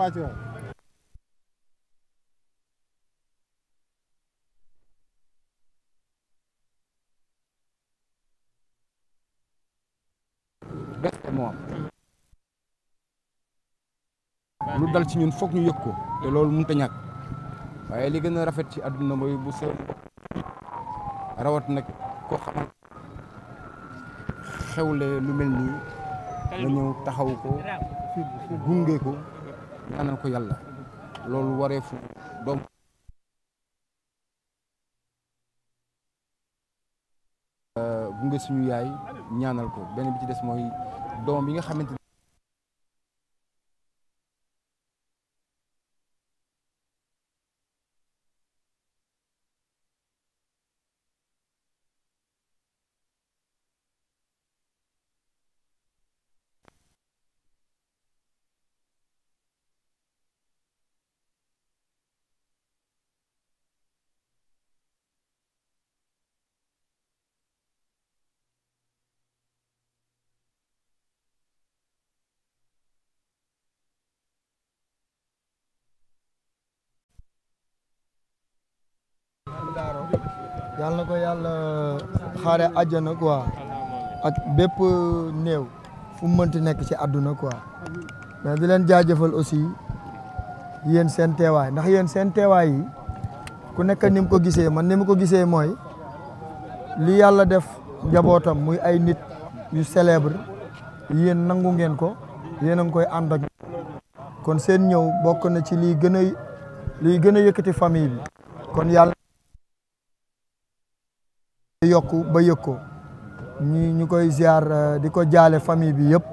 wàcc waay beste lu dal ci ñun foog ñu yëg ko te loolu mënut a waaye li gën a rafet ci àdduna mooy bu seen rawat nag xewle lu mel nii nga ñëw ko gunge ko ñaanal ko yàlla loolu wareefu doom bu euh, nga suñu yaay ñaanal ko benn bi ci des mooy doom yi nga xamante yàlla na ko yàlla xaare àjjana quoi ak bépp néew fu mu mënti nekk ci àdduna quoi mais di leen jaajëfal aussi yéen seen teewaay ndax yéen seen teewaay yi ku nekk ni ko gisee man ni mu ko gisee mooy li yàlla def njabootam muy ay nit yu célèbre yéen nangu ngeen ko yéen a ngi koy ànd kon seen ñëw bokk na ci liy gën a liy gën a yëkkati famille kon yàlla yokk yokku ba yëg ko ñu ñu koy ziar euh, di ko jaale famille bi yëpp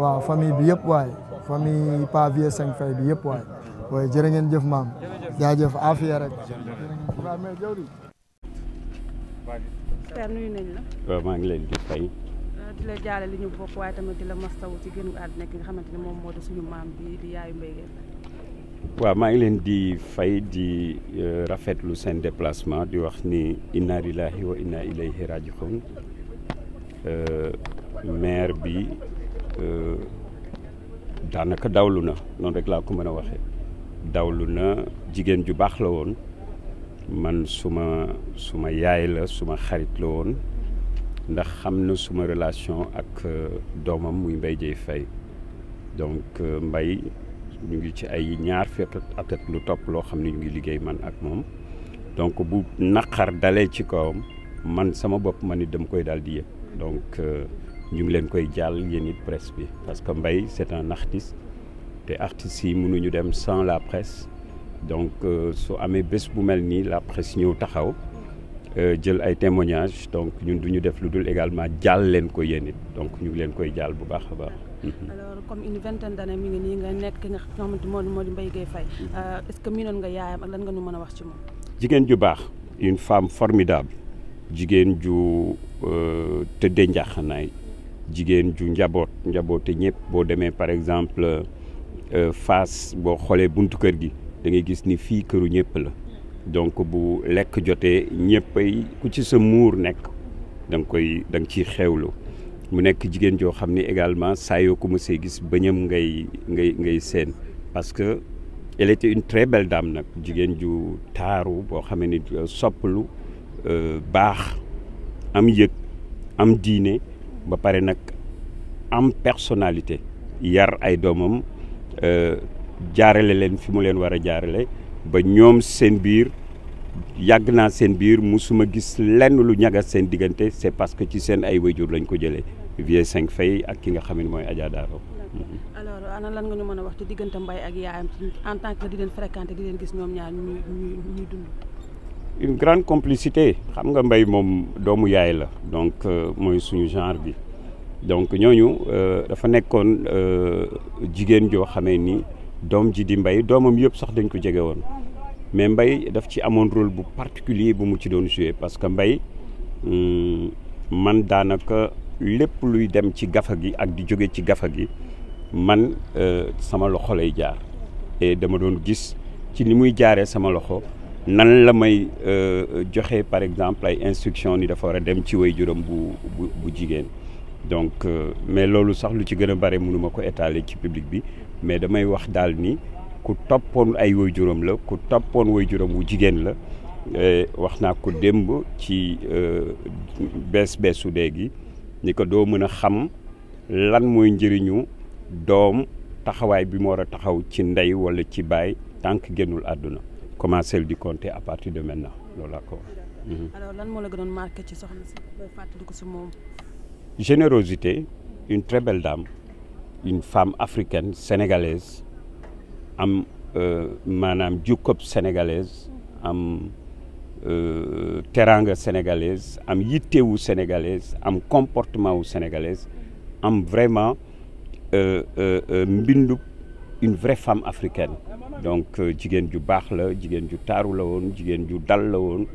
waaw famille bi yëpp waay famille Pa Cinq Fay bi yëpp waay waaye jërë ngeen jëf maam jaajëf afiya rek père nuyu maa ngi leen di fay euh, di la jaale la moom moo di waaw maa ngi leen di fay di euh, rafetlu seen déplacement di wax ni inna lillahi wa inna ilayhi raji'un euh, maire bi euh, daanaka dawlu na noonu rek laa ko mën a waxee dawlu na jigéen ju baax la woon man suma suma yaay la suma xarit la woon ndax xam na suma relation ak doomam muy Mbaye Dieye Faye donc mbay ñu ngi ci ay ñaar fekk at lu topp loo xam ne ñu ngi liggéey man ak moom donc bu naqar dalee ci kawam man sama bopp man it dama koy daal di yëpp donc euh, ñu ngi leen koy jàll yéen it press bi parce que Mbaye c'est un artiste te artistes yi mënuñu dem sans la presse donc euh, su amee bés bu mel nii la presse ñëw taxaw Euh, jël ay témoignages donc ñun du ñu def lu dul également jaal leen ko yéen it donc ñu leen koy jaal bu baax a baax. Mhm. alors comme une vingtaine mi ngi nii nga nekk ki nga xamante moo di moo di Mbaye Gueye Faye mhm. euh, est-ce nga yaayam ak lan nga ñu mën a wax ci moom. jigéen ju baax une femme formidable jigéen ju euh, tëddee njaaxanaay jigéen ju njaboot njaboote ñëpp boo demee par exemple face boo xoolee buntu kër gi da ngay gis ni fii këru ñëpp la. donc bu lekk jotee ñëppay ku ci sa muur nekk da nga koy da nga ciy xewlu mu nekk jigéen joo xam ni également saa yoo ko mësee gis bëñam ngay ngay ngay seen parce que elle était une très belle dame nag jigéen ju taaru boo xamee ni euh, soppalu euh, baax am yëg am diine ba pare nag am personnalité yar ay doomam euh, jaarale leen fi mu leen war a jaarale ba ñoom seen biir yàgg naa seen biir musuma gis lenn lu ñagas seen diggante c'est parce que ci seen ay wayjur lañu ko jële Vieux Cinq Fay ak ki nga xam ne mooy Adja ana lan nga ñu mën a wax ci diggante Mbaye ak yaayam en tant que di leen fréquenté di leen gis ñoom ñaar ñuy dund. une grande complicité xam nga mbay moom doomu yaay la donc euh, mooy suñu genre bi donc ñooñu euh, dafa nekkoon euh, jigéen joo xamee nii doom ji di mbay doomam yëpp sax dañ ko jege woon mais mbay daf ci amoon rôle bu particulier bu mu ci doon joué parce que mbay hmm, man daanaka lépp luy dem ci gafa gi ak di jóge ci gafa gi man euh, sama loxo lay jaar et dama doon gis ci ni muy jaaree sama loxo nan la may euh, joxe par exemple ay instruction ni dafa war a dem ci way juróom bu bu bu jigéen donc euh, mais loolu sax lu ci gën a bare mënuma ko étaler ci public bi mais damay wax daal ni ku toppoon ay woy juróom la ku toppoon woy juróom wu jigéen la eh, wax naa ko démb ci euh, bees beesu léegi ni ko doo mën a xam lan mooy njëriñu doom taxawaay bi mu war a taxaw ci ndey wala ci baay tànk génnul àdduna commencé di compter à partir de maintenant loolu laa ko wax. Mhm. ci soxna si fàttali générosité une très belle une femme africaine sénégalaise am euh, maanaam jukkoob sénégalaise am euh, teranga sénégalaise am yittewu sénégalaise am comportement wu sénégalaise am vraiment euh, mbindub une vraie femme africaine donc jigéen ju baax la jigéen ju taaru la woon jigéen ju dal la woon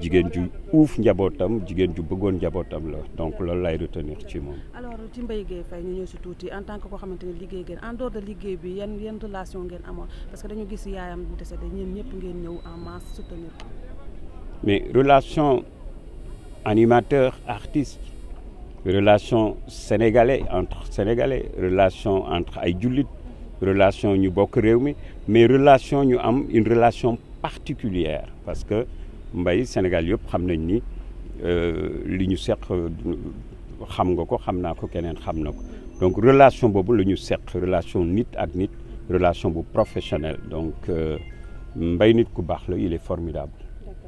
jigéen ju uuf njabootam jigéen ju bëggoon njabootam la donc loolu lay retenir ci moom. ci Mbaye Gueye Faye ñu ñëw si tuuti en tant que koo xamante ne liggéey ngeen en dehors de liggéey bi yan yan relation ngeen amoon parce que dañu gis yaayam bu décédé ñeen ñëpp ngeen ñëw en masse soutenir mais relation animateur artiste relation sénégalais entre sénégalais relation entre ay jullit relation ñu bokk réew mi mais relation ñu am une relation particulière parce que. mbay Sénégal yëpp xam nañ ni euh, li ñu seq euh, xam nga ko xam naa ko keneen xam na ko donc relation boobu la ñu seq relation nit ak nit relation bu professionnelle donc euh, mbay nit ku baax la il est formidable.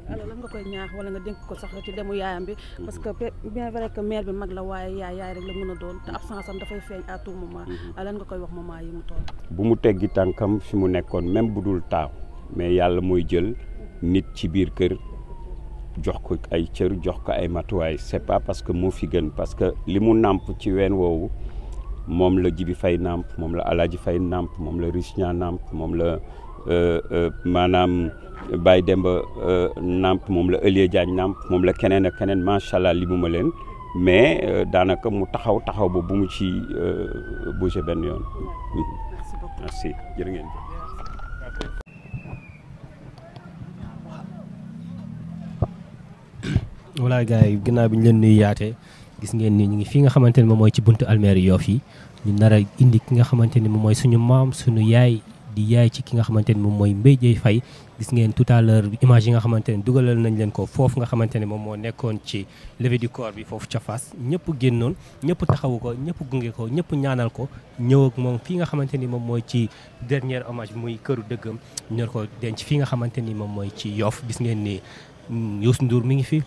alors lan nga koy ñaax wala nga dénk ko sax ci demu yaayam bi parce que bien vrai que mère bi mag la waaye yaay yaay la mën a doon te absence am dafay feeñ à tout moment mhm. lan nga koy wax moment yi mu toll. bu mu teggi tànkam fi mu nekkoon même bu dul taaw mais yàlla mooy jël mhm. nit ci biir kër. jox ko ay cër jox ko ay matuwaay c'est pas parce que moo fi gën parce que li mu nàmp ci ween woowu moom la Jibi Fay nàmp moom la Alaaji Fay nàmp moom la Riche Niang nàmp moom la euh, euh, maanaam Baye Demba euh, nàmp moom la Elie Diagne nàmp moom la keneen ak keneen macha allah ma leen mais daanaka mu taxaw taxaw ba bu mu ci bouger benn yoon. merci voilà gars yi ginnaaw bi ñu leen nuyu yaatee gis ngeen ni ñu ngi fii nga xamante ne moom mooy ci buntu almeeri Yoff yi ñu nar indi ki nga xamante ni moom mooy suñu maam suñu yaay di yaay ci ki nga xamante ni moom mooy Mbaye Dieye gis ngeen tout à l'heure image yi nga xamante ne dugalal nañ leen ko foofu nga xamante ne moom moo nekkoon ci levée du corps bi foofu ca fas ñëpp génnoon ñëpp taxawu ko ñëpp gunge ko ñëpp ñaanal ko ñëw ak moom fii nga xamante ni moom mooy ci dernier hommage bi muy këru dëggam ñor ko denc fii nga xamante ni moom mooy ci Yoff gis ngeen ni mm, Youssou mi ngi fi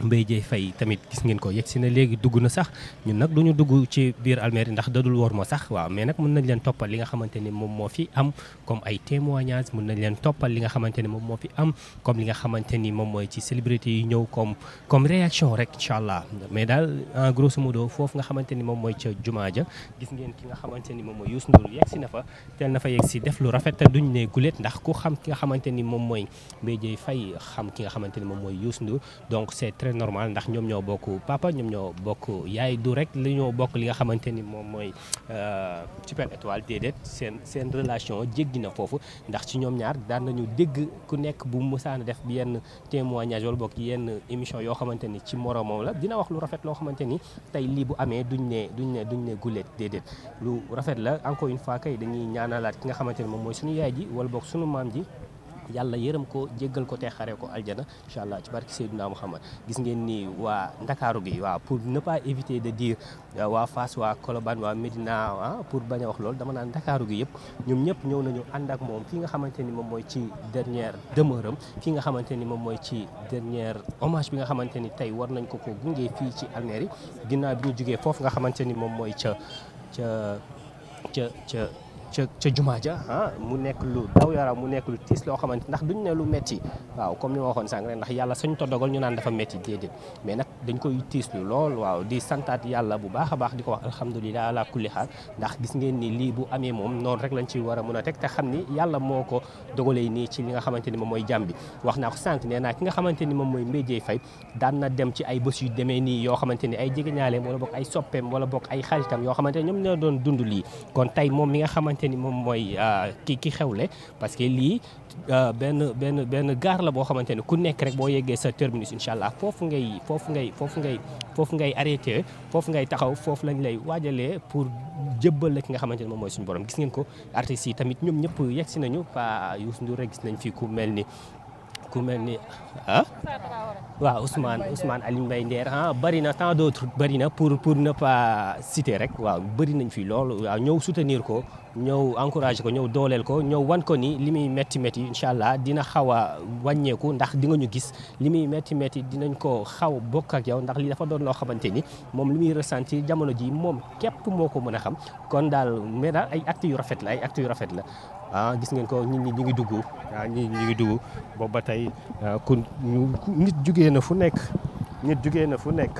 Mbaye Dieye Faye tamit gis ngeen ko yegg si na léegi dugg na sax ñun nag du ñu dugg ci biir almeer ndax dadul woor ma sax waaw mais nag mën nañ leen toppal li nga xamante ni moom moo fi am comme ay témoignages mën nañ leen toppal li nga xamante ni moom moo fi am comme li nga xamante ni moom mooy ci célébrité yi ñëw comme comme réaction rek allah mais daal en grosso foofu nga xamante ni moom mooy ca jumaa ja gis ngeen ki nga xamante ni moom mooy Youssou Ndour yegg si na fa teel na fa yegg si def lu rafet duñ ne gulet ndax ku xam ki nga xamante ni moom mooy Mbaye Dieye Faye xam ki nga xamante ni moom mooy Youssou Ndour donc c'est très normal ndax ñoom ñoo bokk papa ñoom ñoo bokk yaay du rek li ñoo bokk li nga xamante ni moom mooy euh, super étoile déedéet seen seen relation jéggi na foofu ndax ci ñoom ñaar daan nañu dégg ku nekk bu musaana def bi yenn témoignage wala bokk yenn émission yoo xamante ni ci moromam la dina wax lu rafet loo xamante ni tey lii bu amee duñ ne duñ ne duñ ne guléet déedéet lu rafet la encore une fois kay dañuy ñaanalaat ki nga xamante ni moom suñu yaay ji wala bokk suñu maam ji yàlla yërëm ko jéggal ko te xare ko aljana incha allah ci barke Seydina Muhammad gis ngeen ni waa ndakaaru gi waa pour ne pas éviter de dire euh, waa Fass waa Colobane waa Médina ah pour bañ a wax loolu dama naan ndakaaru gi yëpp ñoom ñëpp ñëw nañu ànd ak moom ki nga xamante ni moom mooy ci dernière demeure ki nga xamante ni moom mooy ci dernière hommage bi nga xamante ni tey war nañ ko ko gunge fii ci Almeri ginnaaw bi ñu jugee foofu nga xamante ni moom mooy ca ca ca ca ca ca jumaa ja ah mu nekk lu daw yaram mu nekk lu tiis loo xamante ndax duñ ne lu metti waaw comme ni ma waxoon sànq rek ndax yàlla suñ to dogal ñu naan dafa metti déedéet mais nag dañ koy tiis lu lool waaw di santaat yàlla bu baax a baax di ko wax alhamdulilah ni lii bu moom noonu rek lañ ci war a mën a teg te xam ni yàlla moo ko dogalee nii ci li nga xamante ni moom mooy jàmm wax naa ko sànq nee naa nga xamante ni moom mooy mbéjee fay daan na ay bés yu demee nii yoo xamante ni ay jegeñaaleem wala bokk ay soppeem wala bokk ay xaritam yoo xamante ni ñoom ñoo doon dund lii kon tey moom mi nga xamante xamante ni moom mooy euh, ki xew le parce que lii euh, benn benn benn gaar la boo xamante ni ku nekk rek boo yeggee sa terminus incha allah foofu ngay foofu ngay foofu ngay foofu ngay arrêté foofu ngay taxaw foofu lañ lay waajalee pour jëbbal la ki nga xamante ni moom mooy suñu borom gis ngeen ko artistes tamit ñoom ñëpp yegg si nañu pa Youssou Ndour rek gis nañ fi ku mel ni ku mel ni ah waaw Ousmane Ousmane Aliou Mbaye Nder ah bëri na tant d'autres bëri na pour pour ne pas citer rek waaw bëri nañ fi loolu waaw ñëw sutenir ko ñëw encourager ko ñëw dooleel ko ñëw wan ko ni li muy métti métti incha allah dina xaw a wàññeeku ndax di nga ñu gis li muy métti métti dinañ ko xaw bokk ak yow ndax li dafa doon loo xamante ni moom li muy ressentir jamono ji moom képp moo ko mën a xam kon daal mais daal ay actes yu rafet la ay actes yu rafet la ah gis ngeen ko nit ñi ñu ngi dugg ah ñi ñu ngi dugg boobu ba tey ah, ku nit jugee na fu nekk nit jugee na fu nekk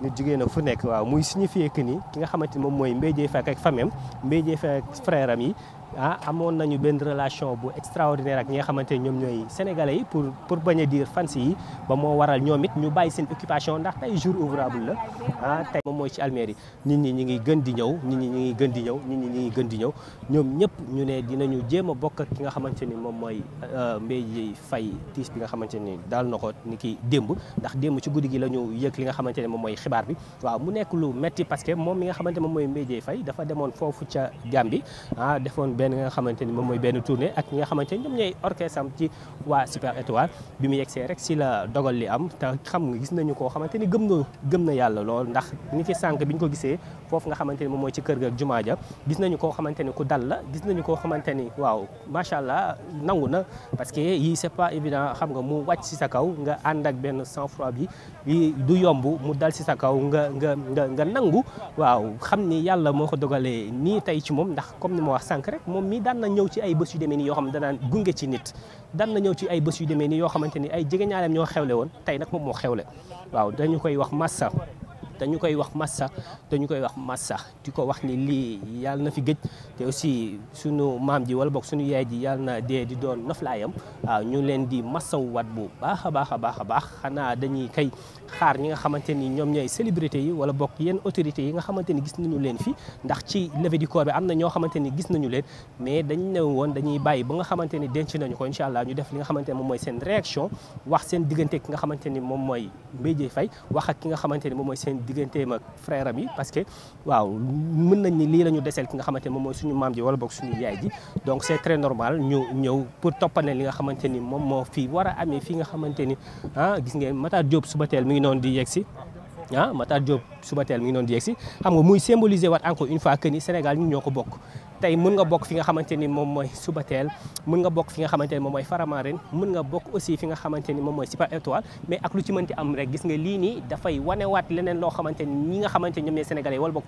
nit jugee na fu nekk waaw muy signifier que ni ki nga xamante ni moom mooy Mbaye Dièye Faye ak famem Mbaye Dièye Faye ak yi ah amoon nañu benn relation bu extraordinaire ak ñi nga xamante ñoom ñooy sénégalais yi pour pour bañ a dire fans yi ba moo waral ñoom it ñu bàyyi seen occupation ndax tey jour ouvrable la ah tey moom mooy ci Almadies ñi ñi ngi gën di ñëw nit ñi ñi ngi gën di ñëw nit ñi ñi gën di ñëw ñoom ñëpp ñu ne dinañu jéem a bokk ak ki nga xamante ni moom mooy euh, Mbaye Faye tiis bi nga xamante ni daal na ko ni ki démb ndax démb ci guddi gi la ñu yëg li nga xamante ne moom mooy xibaar bi waaw mu nekk lu metti parce que moom mi nga xamante moom mooy Mbaye Faye dafa demoon foofu ca Gambie ah, defoon benn nga xamante ni moom mooy benn tournée ak ñi nga xamante ni ñoom ñooy orchestre am ci waa Super Étoile bi mu yegsee rek si la dogal li am te xam nga gis nañu koo xamante ni gëm na gëm na yàlla lool ndax ni ki sànq bi ñu ko gisee foofu nga xamante ni moom mooy ci kër ga ak jumaa ja gis nañu koo xamante ni ku dal la gis nañu koo xamante ni waaw macha allah nangu na parce que yii c'est pas évident xam nga mu wàcc si sa kaw nga ànd ak benn sang froid bi du yomb mu dal si sa kaw nga nga nga nangu waaw xam ni yàlla moo ko dogalee nii tey ci moom ndax comme ni ma wax sànq moom mii daan na ñëw ci ay bés yu demee nii yoo xam ne danaan gunge ci nit daan na ñëw ci ay bës yu demee nii yoo xamante ni ay jegeñaaleem ñoo xewle woon tey nag moom moo xewle waaw dañu koy wax massa dañu koy wax massa dañu koy wax massa di ko wax ni lii yàlla na fi gëj te aussi sunu maam ji wala boog sunu yaay ji yàlla na dee di doon noflaayam waaw ñu leen di massawu wat bu baax a baax a baax a baax xanaa dañuy kay xaar ñi nga xamante ni ñoom ñooy célébrité yi wala bokk yenn autorité yi nga xamante ni gis nañu leen fi ndax ci levée du corps bi am na ñoo xamante ni gis nañu leen mais moom mooy seen réaction wax seen ki nga xamante ni moom mooy Mbaye Dièye Faye wax ak ki nga xamante ni moom mooy seen moom mooy suñu maam ji wala li nga xamante ni moom moo fi war a amee fi nga xamante ni ah gis ngeen Matar Diop suba teel mi ngi noonu di yegg si ah Matar Diop suba teel mi ngi noonu di yegg si xam nga muy symboliser waat encore une fois que ni Sénégal ñun ñoo ko bokk tey mën nga bokk fi nga xamante ni moom mooy Subatel mën nga bokk fi nga xamante ni moom mooy Faramareen mën nga bokk aussi fi nga xamante ni moom mooy Super Étoile mais ak lu ci mënti am rek gis nga lii nii xamante ni ñi nga xamante ni ñoom ñooy sénégalais wala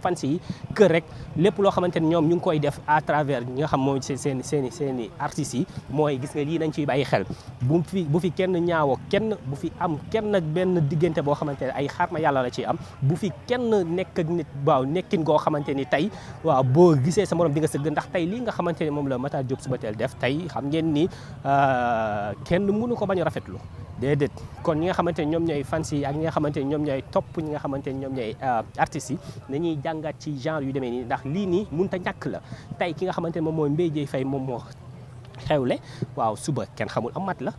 lépp loo xamante ni ñoom ñu ngi koy def à travers ñi nga xam moom seen seen seen seen i mooy gis nga lii nañ ciy bàyyi xel bu fi bu fi kenn ñaawoo kenn bu fi am kenn ak benn diggante boo xamante ne ay xarma yàlla la ciy am bu fi kenn nekk ak nit waaw nekkin koo xamante ni tey waaw boo gisee sa morom di nga sëgg ndax tey lii nga xamante ne moom la Matar Diop teel def tey xam ngeen ni euh, kenn mënu ko bañ a rafetlu déedéet kon ñi nga xamante ne ñoom ñooy fans yi ak ñi nga xamante ne ñoom ñooy topp ñi nga xamante ne ñoom ñooy euh, artistes na nañuy jàngat ci genre yu demee nii ndax lii nii mun ta ñàkk la tey ki nga xamante ne moom mooy Mbaye Dièye Faye moom moo xewle waaw suba kenn xamul am mat la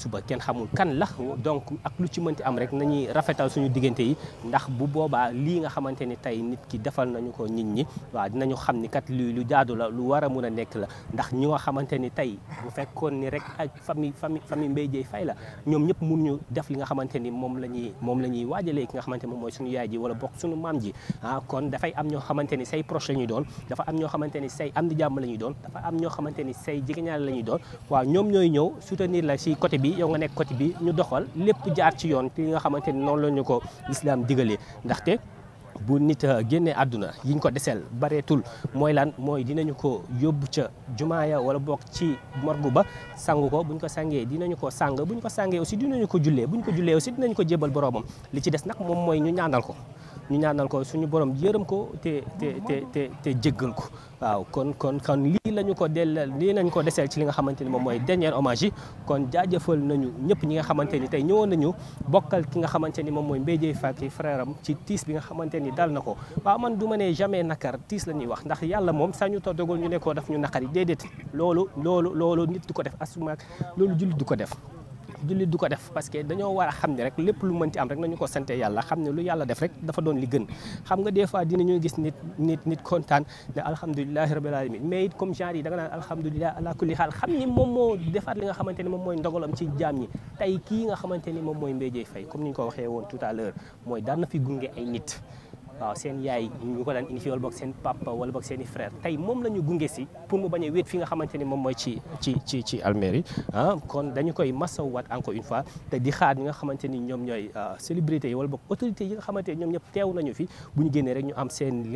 suba kenn xamul kan la donc ak lu ci mënti am rek nañuy rafetal suñu diggante yi ndax bu boobaa lii nga xamante ni tey nit ki defal nañu ko nit ñi waaw dinañu xam ni kat lii lu jaadu la lu war a mun a nekk la ndax ñi nga xamante ni tey bu fekkoon ni rek ak fami famille famille Mbaye Dièye Faye la ñoom ñëpp mun ñu def li nga xamante ni moom la ñuy moom la ñuy waajalee ki nga xamante moom mooy suñu yaay ji wala bokk suñu maam ji ah kon dafay am ñoo xamante ni say proche la ñuy doon dafa am ñoo xamante ni say am jàmm la doon am ñoo xamante ni say jegeñaal la ñuy doon bi yow nga nekk côté ñu doxal lépp jaar ci yoon fi nga xamante ni noonu la ñu ko lislaam digalee ndaxte bu nit génne àdduna yi yiñ ko deseel bareetul mooy lan mooy dinañu ko yóbbu ca ya wala bokk ci morgu ba sangu ko buñ ko sangee dinañu ko sàng buñ ko sangee aussi dinañu ko jullee buñ ko jullee aussi dinañu ko jébal boroomam li ci des nag moom mooy ñu ñaanal ko ñu ñaanal ko suñu borom yërëm ko te te te jéggal ko waaw kon kon kon lañu ko dellal lii lañ ko deseel ci li nga xamante ni moom mooy dernier hommage kon jaajëfal nañu ñëpp ñi nga xamante ni tey ñëwoon nañu bokkal ki nga xamante ni moom mooy Mbaye Dièye Faty am ci tiis bi nga xamante ni dal na ko waaw man du ma ne jamais nakar tiis la ñuy wax ndax yàlla moom sañu ta dogal ñu ne ko daf ñu naqari déedéet loolu loolu loolu nit du ko def asumaak loolu jullit du ko def jullit du ko def parce que dañoo war a xam ne rek lépp lu mën ci am rek nañu ko sante yàlla xam ne lu yàlla def rek dafa doon li gën xam nga des fois dinañu gis nit nit nit kontaan ne alhamdulilahi rabbil alamin mais it comme genre yi da nga naan alhamdulilah ala kulli moom moo defaat li nga xamante ni moom mooy ndogalam ci jaam ñi tey kii nga xamante ni moom mooy Mbaye Dieye comme ni ñu ko waxee woon tout à l'heure mooy daan na fi gunge ay nit waaw seen yaay ñu ko daan indi fi boog seen papa wala boog seen i tey moom la ñu pour mu bañ a wéet fi nga xamante ni moom mooy ci ci ci ci almeri yi ah kon dañu koy masawwaat encore une fois te di xaar ñi nga xamante ni ñoom ñooy ah, célébrité yi wala boog autorité yi nga xamante ni ñoom ñëpp teew nañu fi bu li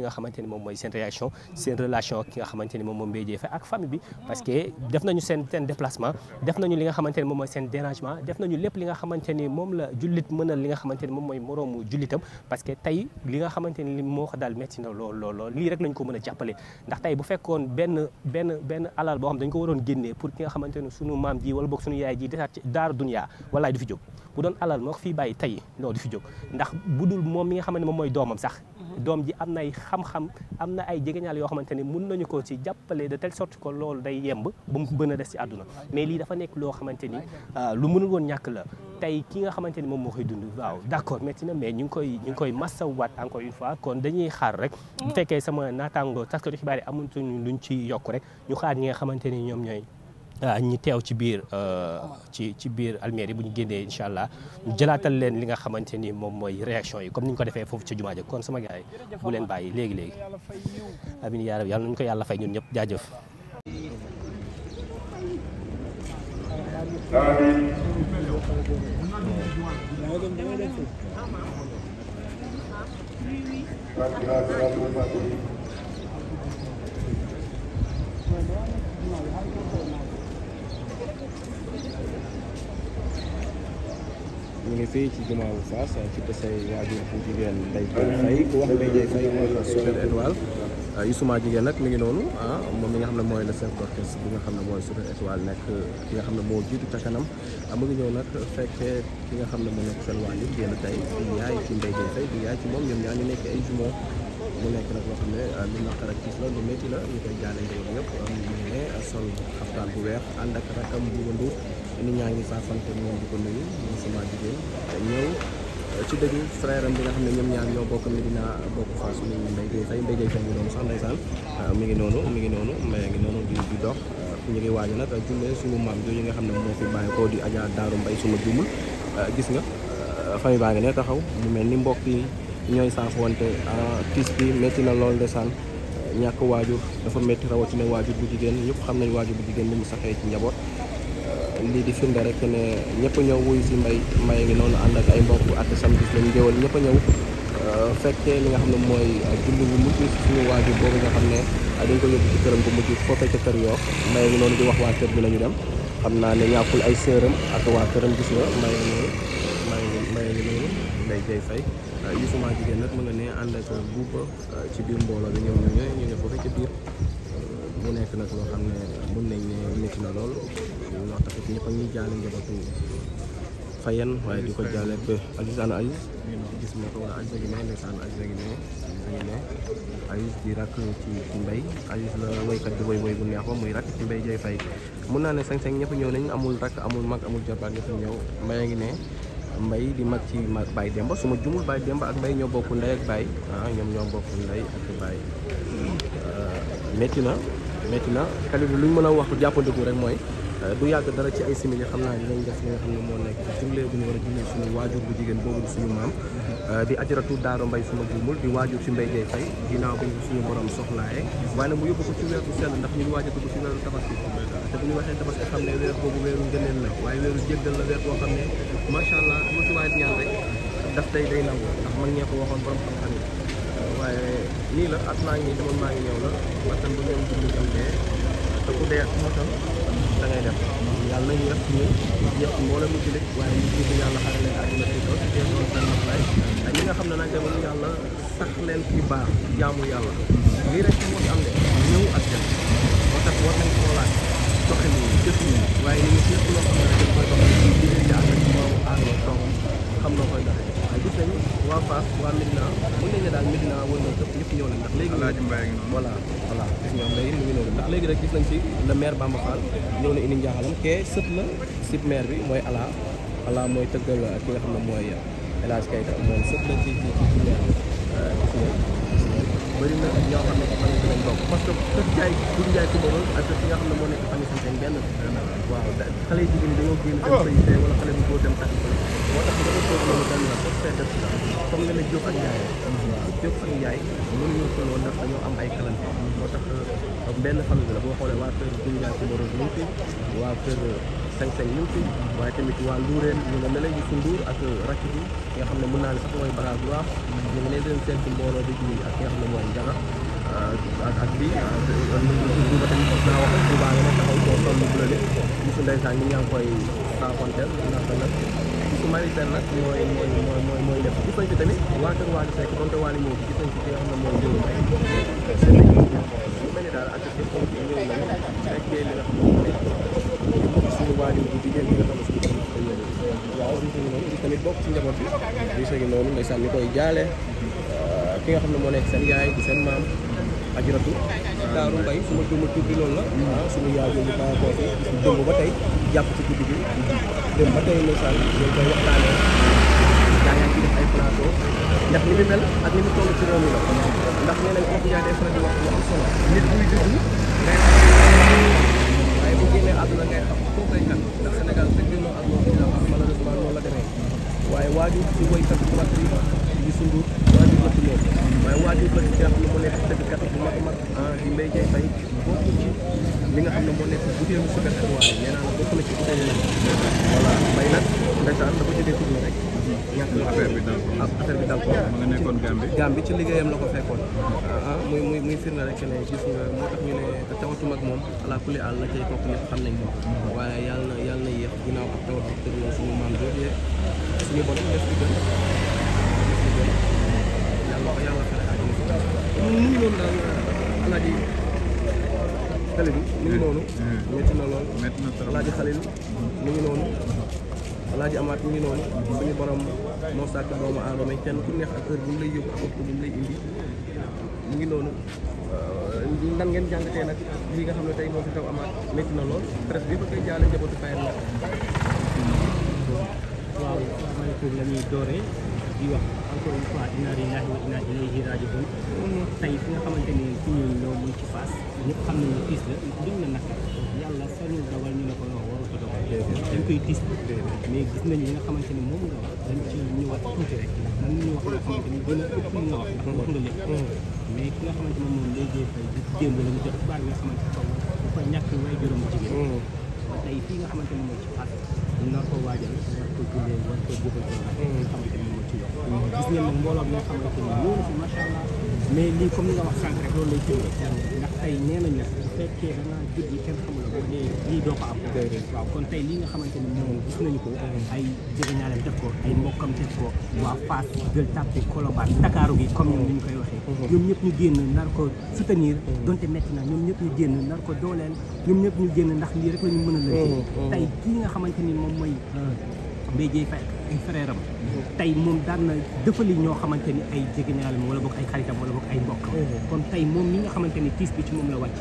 nga xamante ni moom mooy seen réaction seen relation ki nga xamante ni moom moom Mbaye Dièye Faye ak famille bi parce que def nañu seen déplacement def nañu li nga xamante moom mooy seen dérangement def nañu lépp li nga xamante ni moom la jullit mënal li nga xamante moom mooy moroomu jullitam parce que tey xamante ni moo ko daal métti na lool lii rek lañ ko mën a jàppale ndax tey bu fekkoon benn benn benn alal boo xam dañ ko waroon génnee pour ki nga xamante ne sunu maam ji wala boog sunu yaay ji desaat ci daar dunya du fi jóg bu doon alal moo ko fiy bàyyi tey loolu du fi jóg ndax bu dul moom mi nga xamante ne moom mooy doomam sax mhm. doom ji am na ay xam-xam am na ay jegeñaal yoo xamante ne mun nañu ko ci jàppale de telle sorte que loolu day yemb ba mu mën a des àdduna mais lii dafa loo xamante ni ah, lu mënul woon ñàkk la tey ki nga xamante ni moom moo koy dund waaw d'accord métti na mais ñu ngi koy ñu ngi koy massawaat encore une fois kon dañuy xaar rek bu mhm. fekkee sama naataango taskatu xibaar yi lu ñu ci yokk rek ñu xaar ñi nga xamante ni ñoom ñooy Euh, ñu teew ci biir euh, ci ci biir almeri bu ñu génnee incha allah jëlaatal leen li nga xamante ni moom mooy réaction yi comme ni ñu ko defee foofu ci jumaa ja kon sama gars yi bu leen bàyyi léegi léegi amin yaa rabbi yàlla nañu ko yàlla fay ñun ñëpp jaajëf Thank you. ñu ngi fii ci jumaa bu Fass ci tasay waajur bu jigéen Ndeye Diagne ku wax Ndeye Diagne Faye mooy wax Super ah, jigéen nag mi ngi noonu ah moom mi nga xam ne mooy le chef d'orchestre bi nga xam ne mooy Super Étoile nekk ki nga xam ne moo jiitu ca kanam ah, mu ngi ñëw nag fekkee ki nga xam ne moo nekk seen waajur génn tey di yaay ci Ndeye Diagne Faye di yaay ci moom ñoom ñaar ñu nekk ay jumeaux mu nekk nag loo xam ne ah, lu naqar ak la lu métti la ñu koy jaale yëpp mu ngi ne sol xaftaan bu weex ànd ak rakam bu nit ñaa ngi faafante moom di ko nuyu moom sama jigéen te ñëw ci dëgg frère bi nga xam ne ñoom ñaar ñoo bokk mi dinaa bokk faasu ni Mbaye Gueye Faye Mbaye Gueye Faye mu ah, mi ngi noonu mi ngi noonu mais ngi noonu di di dox ah, ñu ngi waaj na jullee suñu maam nga xam ne moo fi bàyyi koo di Adja Daaru Mbay suma juumul ah, gis nga famille baa ngi ne taxaw mu mel ni mbokk yi ñooy saaf wante tiis bi métti na lool ndeysaan ñàkk waajur dafa métti rawatina waajur bu jigéen yëpp xam nañ waajur bu jigéen ni mu saxee ci njaboot lii di firnde rek ne ñëpp ñëw wuy si mbay mbay ngi noonu ànd ak ay mbokk ak samedi lañu jëwal ñëpp ñëw euh, fekkee li nga xam ne mooy euh, julli bu mujj suñu waajur boobu nga xam ne euh, dañ ko yóbbu bu mujj foofee ca kër yoo di wax waa kër bi la ñu dem xam naa ne ñàkkul ay séeram ak waa këram gis nga mbay ngi noonu mbay ngi mbay ngi noonu nday jay fay yusumaa jigéen nag mën nga ne ànd ak buuba ci biir mbooloo bi ñoom ñu ñëw ñu ne foofee ca biir mu nekk nag loo xam ne mën nañ ne métti na lool wax tamit ñëpp a ngi jaale njabootu Fayeen waaye di ko jaale ak Aziz ana Aziz gis nga ko wala Aziz a ngi ne ndeysaan Aziz a ngi ne a ngi ne Aziz di rakk ci ci mbay Aziz la woykat di woy woy bu neex ba muy rakk ci mbay jay fay mun naa ne sañ-sañ ñëpp ñëw nañ amul rakk amul mag amul jarbaat ñëpp ñëw mbay a ngi ne mbay di mag ci Baye Demba su ma jumul Baye Demba ak mbay ñoo bokk ndey ak baay ah ñoom ñoo bokk ndey ak baay euh, métti na métti na Kalidou luñ mën a wax jàppandiku rek mooy du euh, yàgg dara ci ay simili xam naa dinañ def li xam ne moo nekk jullee bu ñu war a jullee suñu waajur bu jigéen boobu suñu maam euh, di ajaratu daaro mbay suma juumul di waajur si mbay jay fay ginnaaw bi suñu borom soxlaaye waaye nag mu yóbbu ko ci weeru sell ndax ñu ngi waaj a dugg ci weeru tabaski te bu ñu waxee tabaski xam ne weer boobu weeru gëneel la waaye weeru jéggal la weer boo xam ne macha allah lu si waay ñaan rek daf tey day nangu ndax man ñee ko waxoon borom xam-xam yi waaye maa ngi maa ngi ñëw la waxtaan bu ñoom julli ngay def yàlla nañu yëpp ñu yëpp mboolem mu jullit waaye ñu jiitu yàlla xare leen àddina si kaw ci doon seen noflaay ak ñi nga xam ne nag demal yàlla sax leen ci baax jaamu yàlla lii rek moo ci am de ñëw ak dem moo tax war nañ xoolaat doxin yi jëf yi waaye ñu ngi lépp loo xam ne rek dañ koy doxal ci diggante ak ak ci borom aadama doomam xam noo koy doxee waaye gis nañu waa Fass waa Medina mën nañ ne daal Medina wër na dëpp ñëpp ñoom léegi ndax léegi rek gis nañ fi le maire Bamba Fall ñëw na indi njaaxalam kee sët la sib maire bi mooy ala ala mooy tëggal ki nga xam ne mooy El Hadj Keita mooy sët la ci ci ci maire bi bëri na xam ne ci famille dinañ bokk parce que tëj jaay bu nga xam ne moo nekk famille seen benn. xale yu jigéen ñi dañoo génn dem sëy ah wala xale bu góor dem takk moo tax dama toog la pour faire de cela comme am ay kalante moo tax benn famille boo xoolee waa kër Dundiaay si Boros ñu ngi fi waa kër Seng Seng ñu ak rakk bi nga xam ne mën naa ne sax mooy barage bu baax di seet ci mbooloo bi ji ak bi ba tamit naa wax ak koy Soumarité nag mooy mooy mooy mooy def gis nañ ci tamit waa kër Wally Seck donte Wally ñëw gis nañ ci ki nga xam ne mooy Ndiol Mbaye seen liggéey li nga xam ne bokk ci njaboot bi gis nañu noonu ndeysaan ñu koy jaale ki nga xam ne moo nekk seen yaay di seen maam ajiratu Daaru Mbay su ma juma tur baa ah, koo fi démb ba tey jàpp ci guddi gi démb ay plateau ndax ni mu mel ak ni mu toll ci la ndax nee nañ ngay waaye bu génnee kan ndax Sénégal rek dënnoo moom la wax malheureusement demee waaye waajur ci woykat bu mag bi Youssou Ndour waajur la ci moom waaye waajur la a mag ah, di Mbaye li nga xam ne moo nekk bu dee mu sëggat ak waaye nee naa la bokk na ci utali nag voilà Mbaye nag ndeysaan dafa ci liggéeyam la ko fekkoon ah, ah muy muy muy firnde rek ne gis nga moo tax ñu moom alaa kulli àll la cay kooku ñëpp xam nañ moom waaye yàlla na yàlla na yéex ginnaaw ak tawat ak suñu maam jooju suñu borom def mu ngi noonu daal alaaji xale bi mu ngi noonu métti na lool alaaji xalil mu ngi noonu alaaji amaat mu ngi noonu suñu borom moo sàkk doomu aadama kenn ku neex ak heure bu mu lay yóbbu ak waxtu bu mu lay indi mu ngi noonu nan ngeen jàngatee nag lii nga xam ne tey moo fi xew amaat métti na lool presse bi ba koy jaale njabootu kaayam la waaw la ñuy dooree di wax encore une fois inna lillahi wa inna ilayhi rajiun tey fi nga xamante ni fi ñu ñëw mu ci Fass ñëpp xam nañu tiis la duñ la naka yàlla sañul dogal ñu ne ko non waru ko dogal dañ koy tiis mais gis nañu li nga xamante ni moom nga wax dañ ci ñëwaat tuuti rek mën nañu wax loo xamante ni gën a ëpp li nga wax ndax wax nga lépp mais ki nga xamante ni moom léegi fay di démb la mu jot xibaar bi nga xamante ni dafa ñàkk way juróom jigéen tey fii nga xamante ne mooy ci Fass nar ko waajal a ko jëlee war ko jëfal ci ak nga xamante ne moo ci yokk mm-hmm. gis ngeen bi na fi macha allah mais lii comme ni nga wax sànq rek loolu lay jëlee tey nee nañu bu fekkee da ngaa jub yi kenn xamul ko dee lii doo ko am waaw kon tey li nga xamante ni moom gis nañu ko ay jegeñaaleem def ko ay mbokkam def ko waa Fass Gueule gi comme ñoom ni ñu koy waxee mm-hmm. ñoom ñëpp ñu génn nar ko mm-hmm. na ñoom ñëpp ñu génn ko dooleel ñoom ñëpp ñu génn ndax lii rek la ñu mën a lëkkee mm-hmm. tey kii nga xamante ni moom mooy Mbaye Dièye ay frère am tey moom daan na dëfali ñoo xamante ni ay jegeñaalam wala boog ay xaritam wala boog ay mbokkam mm-hmm. kon tey moom mi nga xamante ni tiis bi ci moom la wàcc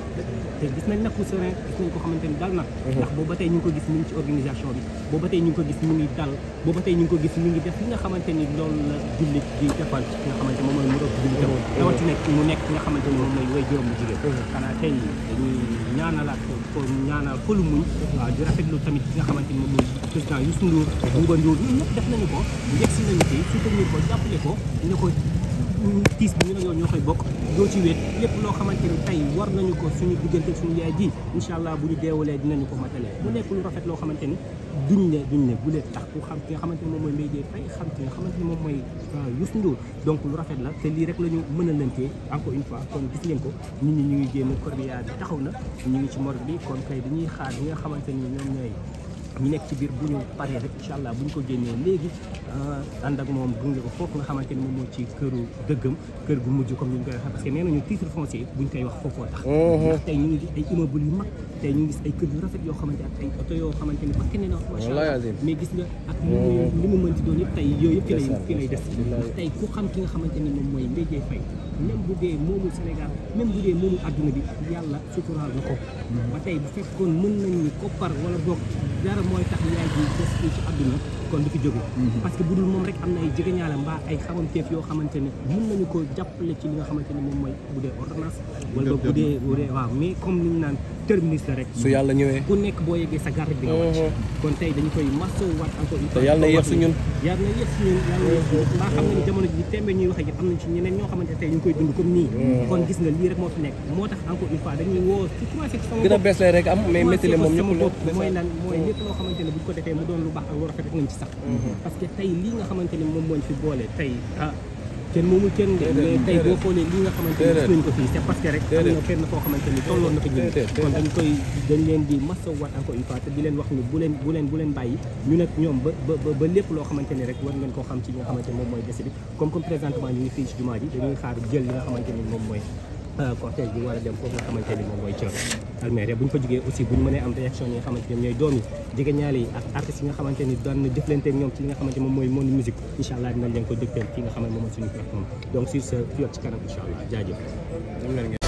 te gis nañ nag ni dal na mm-hmm. ndax booba tey ñu ngi ko gis mu ngi ci organisation bi booba tey ko gis mu ngi dal booba tey ñu ngi ko gis mu ngi nga xamante ni loolu la jullit di defal ci nga xamante moom mu rëb jullitam rawati nekk mu nekk nga xamante ni moom mooy way juróom mm-hmm. bu jigéen xanaa tey dañuy ñaanalaat ko ñaanal xolu muñ waaw nga xamante ni moom mooy def nañu ko yegg si nañu ko jàppale ko ne ko mm, tiis bi ñu ne yow ñoo koy bokk doo ci wéet lépp loo xamante ni tey war nañu ko suñu diggante suñu yaay ji incha allah bu ñu deewalee dinañu ko matale mu nekk lu rafet loo xamante ni duñ ne duñ ne bu leen tax ku xam ki nga xamante ni moom mooy Mbaye Dièye moom mooy euh, Youssou Ndour donc lu rafet la te lii rek la ñu mën a lantee encore une fois kon gis ngeen ko nit ñi ñu génn corbillard bi taxaw na ñu ngi ci morgue bi kon kay ñuy xaar ñi nga xamante ni ñoom ñooy ñi nekk ci biir bu ñu paree rek incha allah bu ñu ko génnee léegi ah, ànd ak moom gunge ko foofu nga xamante ni moom moo ci këru dëggam kër gu mujj comme ni ñu koy waxee parce que nee nañu titre bu ñu koy wax foofoo tax mm-hmm. ndax tey ñu ñu ngi ay yoo xamante ak ay oto yoo xamante ni bakk nee na macha allah mais gis nga mm-hmm. li mu mën ci doon yëpp tey yooyu yëpp fi lay fi xam ki nga xamante ni moom mooy Ndeye Dieye Faye même bu dee moomul Sénégal même bu moomul adduna bi yàlla suturaal na ko mm-hmm. ba tey bu fekkoon mën nañ ni koppar wala boog dara mooy tax yaay ji des fii ci àdduna kon di fi jóge mhm. parce que bu dul moom rek am na ay jegeñaale mbaa ay xamanteef yoo xamante ne mën nañu ko jàppale ci li nga xamante ne moom mooy bu dee ordonnance wala bu dee bu naan la rek su yàlla ñëwee boo yeggee sa garab bi nga wàcc mhm. kon tey dañu koy massoo waat encore une mhm. moo fi nekk mooy lépp loo xamante ne bu ko defee mu doon lu baax ak lu rafet rek nañ ci sax mhm. parce tey lii nga xamante ni moom mooñ fi boole tey ah kenn moomul kenn de mais tey boo xoolee lii nga xamante ni gis nañ ko fii c'est parce rek am na koo xamante tolloon na ko leen wax ni bu leen bu leen bu leen bàyyi ñu nag ñoom loo xamante ni rek war ngeen koo xam ci li moom mooy dese bi comme comme présentement ñu ngi fii ci jël li nga xamante moom mooy Euh, cortège bi war a dem foofu nga xamante ni moom mooy Thione almere bu ñu fa jógee aussi bu ñu mënee am réaction yi nga xamante ñooy doom jege ñaale yi ak artistes nga xamante ni daan ñoom ci nga xamante moom mooy monde musique incha allah dinañ leen ko dégteel ki nga xamante moom mooy suñu plateforme donc sur ce fii ci kanam incha allah jaajëf